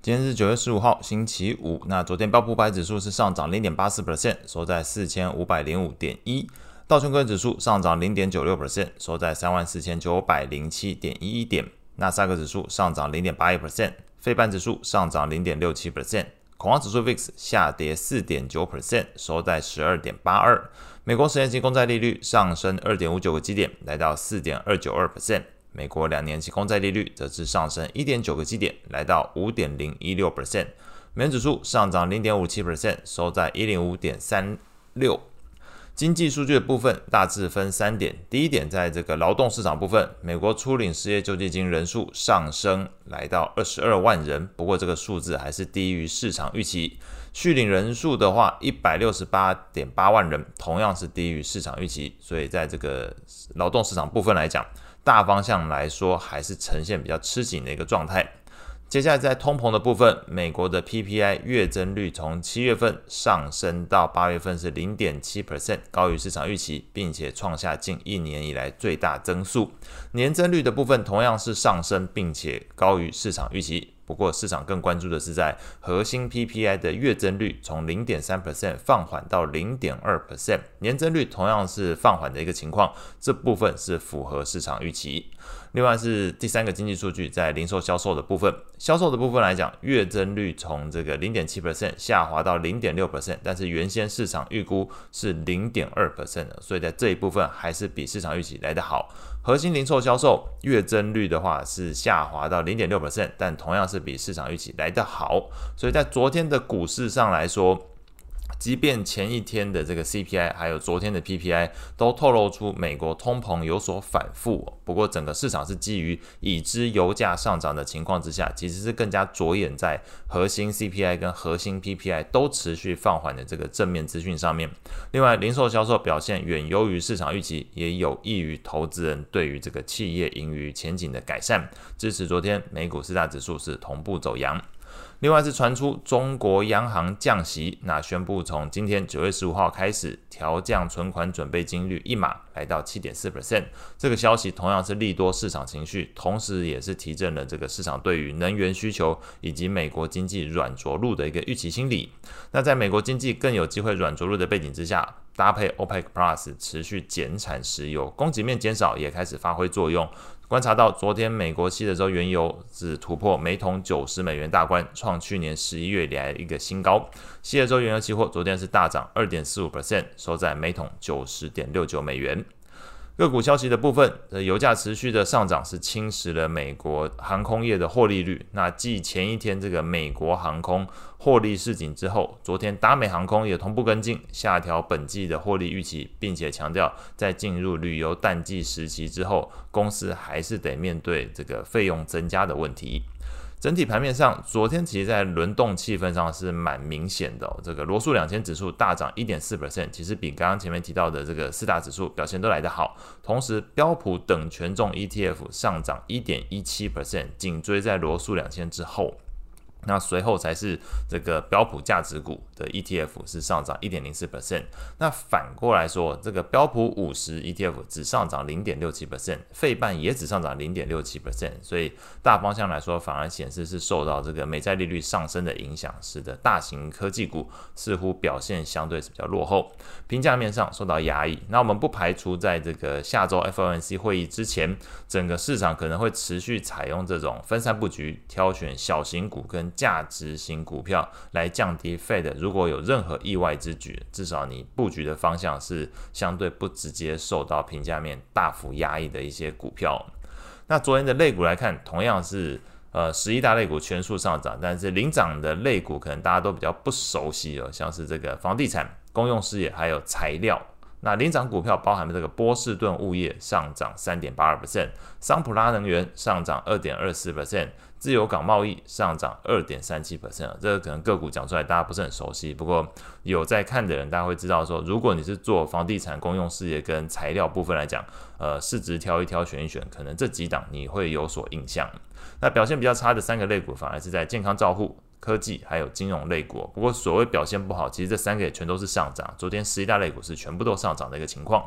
今天是九月十五號，星期五。那昨天標普五百指數是上漲零點八四 percent，收在四千五百零五點一。道瓊斯指數上漲零點九六 percent，收在三萬四千九百零七點一一點。納斯達克指數上漲零點八一 percent，費半指數上漲零點六七 percent。恐慌指數 VIX 下跌四點九 percent，收在十二點八二。美國十年期公債利率上升二點五九個基點，來到四點二九二 percent。美國兩年期公債利率則是上升一點九個基點，來到五點零一六 percent。美元指數上漲零點五七 percent，收在一零五點三六。經濟數據的部分大致分三點：第一點，在這個勞動市場部分，美國初領失業救濟金人數上升來到二十二萬人，不過這個數字還是低於市場預期。續領人數的話，一百六十八點八萬人，同樣是低於市場預期。所以，在這個勞動市場部分來講，大方向來說，還是呈現比較吃緊的一個狀態。接下來在通膨的部分，美國的 PPI 月增率從七月份上升到八月份是零點七 percent，高於市場預期，並且創下近一年以來最大增速。年增率的部分同樣是上升，並且高於市場預期。不過，市場更關注的是在核心 PPI 的月增率從零點三 percent 放緩到零點二 percent，年增率同樣是放緩的一個情況，這部分是符合市場預期。另外是第三個經濟數據，在零售銷售的部分，銷售的部分來講，月增率從這個零點七 percent 下滑到零點六 percent，但是原先市場預估是零點二 percent 的，所以在這一部分還是比市場預期來得好。核心零售銷售月增率的話是下滑到零點六 percent，但同樣是比市場預期來得好，所以在昨天的股市上來說。即便前一天的這個 CPI，還有昨天的 PPI，都透露出美國通膨有所反覆。不過，整個市場是基於已知油價上漲的情況之下，其實是更加着眼在核心 CPI 跟核心 PPI 都持續放緩的這個正面資訊上面。另外，零售銷售表現遠優於市場預期，也有益於投資人對於這個企業盈餘前景的改善，支持昨天美股四大指數是同步走揚。另外是傳出中國央行降息，那宣布從今天九月十五號開始調降存款準備金率一碼，來到七點四 percent。這個消息同樣是利多市場情緒，同時也是提振了這個市場對於能源需求以及美國經濟軟着陸的一個預期心理。那在美國經濟更有機會軟着陸的背景之下，搭配 OPEC Plus 持續減產石油，供給面減少也開始發揮作用。觀察到昨天美國西德州原油只突破每桶九十美元大關，創去年十一月以來一個新高。西德州原油期貨昨天是大漲二點四五 percent，收在每桶九十點六九美元。個股消息的部分，油價持續的上漲是侵蝕了美國航空業的獲利率。那繼前一天這個美國航空獲利示警之後，昨天達美航空也同步跟進，下調本季的獲利預期，並且強調在進入旅遊淡季時期之後，公司還是得面對這個費用增加的問題。整體盤面上，昨天其實在輪動氣氛上是蠻明顯的哦，這個羅素兩千指數大漲一點四 percent，其實比剛剛前面提到的這個四大指數表現都來得好。同時，標普等權重 ETF 上漲一點一七 percent，緊追在羅素兩千之後。那隨後才是這個標普價值股的 ETF 是上漲一點零四 percent。那反過來說，這個標普五十 ETF 只上漲零點六七 percent，費半也只上漲零點六七 percent。所以大方向來說，反而顯示是受到這個美債利率上升的影響，使得大型科技股似乎表現相對是比較落後，評價面上受到壓抑。那我們不排除在這個下周 FOMC 會議之前，整個市場可能會持續採用這種分散佈局，挑選小型股跟。價值型股票來降低 FED 的，如果有任何意外之舉，至少你布局的方向是相對不直接受到評價面大幅壓抑的一些股票。那昨天的類股來看，同樣是呃十一大類股全數上漲，但是領漲的類股可能大家都比較不熟悉哦，像是這個房地產、公用事業還有材料。那領漲股票包含了這個波士頓物業上漲三點八二 percent，桑普拉能源上漲二點二四 percent，自由港貿易上漲二點三七 percent。這個可能個股講出來大家不是很熟悉，不過有在看的人，大家會知道說，如果你是做房地產公用事業跟材料部分來講，呃，市值挑一挑選一選，可能這幾檔你會有所印象。那表現比較差的三個類股，反而是在健康照護，科技還有金融類股，不過所謂表現不好，其實這三個也全都是上漲。昨天十一大類股是全部都上漲的一個情況。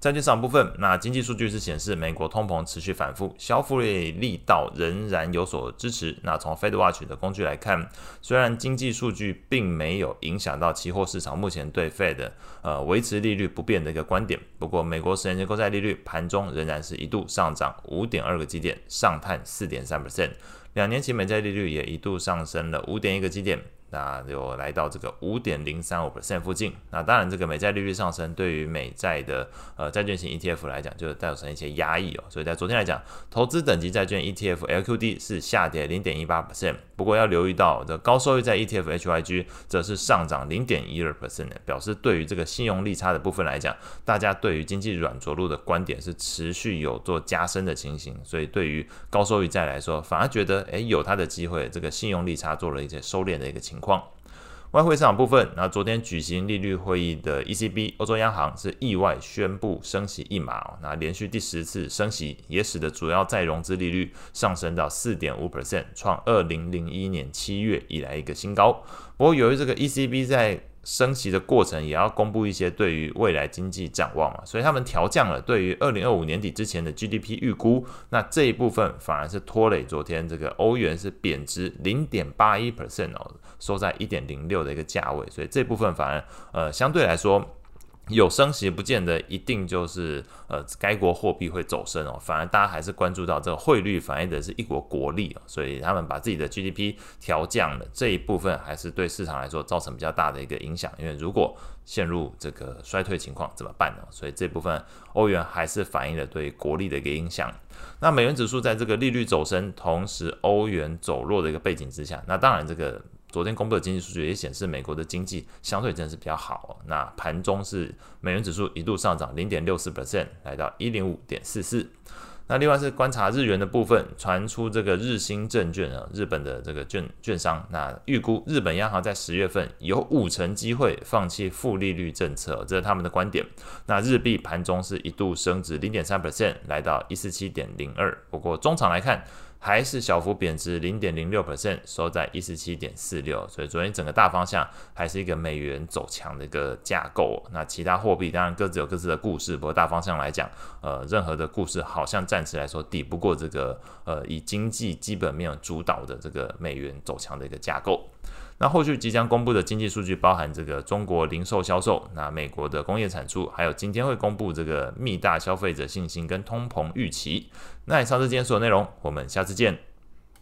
債券市場部分，那經濟數據是顯示美國通膨持續反覆消費力道仍然有所支持。那從 Fed Watch 的工具來看，雖然經濟數據並沒有影響到期貨市場目前對 Fed 呃，維持利率不變的一個觀點，不過美國十年期公債利率盤中仍然是一度上漲五點二個基點，上探四點三 percent。兩年期美債利率也一度上升了五點一個基點。那就來到這個五點零三五 percent 附近。那當然，這個美債利率上升對於美債的呃債券型 ETF 來講，就是造成一些壓抑哦。所以在昨天來講，投資等級債券 ETF LQD 是下跌零點一八 percent。不過要留意到，這個、高收益債 ETF HYG 則是上漲零點一二 percent，表示對於這個信用利差的部分來講，大家對於經濟軟着陸的觀點是持續有做加深的情形。所以對於高收益債來說，反而覺得哎有它的機會，這個信用利差做了一些收斂的一個情況。況外匯市場部分，那昨天舉行利率會議的 ECB 歐洲央行是意外宣布升息一碼，那連續第十次升息，也使得主要再融資利率上升到四點五 percent，創二零零一年七月以來一個新高。不過由於這個 ECB 在升息的過程也要公布一些對於未來經濟展望嘛，所以他們調降了對於二零二五年底之前的 GDP 預估，那這一部分反而是拖累昨天這個歐元是貶值零點八一 percent 哦，收在一點零六的一個價位，所以這部分反而呃相對來說。有升息不見得一定就是呃該國貨幣會走升哦，反而大家還是關注到這個匯率反映的是一國國力哦，所以他們把自己的 GDP 調降了這一部分還是對市場來說造成比較大的一個影響，因為如果陷入這個衰退情況怎麼辦呢？所以這部分歐元還是反映了對國力的一個影響。那美元指數在這個利率走升，同時歐元走弱的一個背景之下，那當然這個。昨天公布的經濟數據也顯示，美國的經濟相對真的是比較好。那盤中是美元指數一度上漲零點六四 percent，來到一零五點四四。那另外是觀察日元的部分，傳出這個日興證券啊，日本的這個券券商，那預估日本央行在十月份有五成機會放棄負利率政策，這是他們的觀點。那日幣盤中是一度升值零點三 percent，來到一四七點零二。不過中場來看，還是小幅貶值零點零六 percent，收在一四七點四六。所以昨天整個大方向還是一個美元走強的一個架構。那其他貨幣當然各自有各自的故事，不過大方向來講，呃，任何的故事好像暫時來說抵不過這個呃以經濟基本面主導的這個美元走強的一個架構。那後續即將公布的經濟數據，包含這個中國零售銷售，那美國的工業產出，還有今天會公布這個密大消費者信心跟通膨預期。那以上是今天所有內容，我們下次見。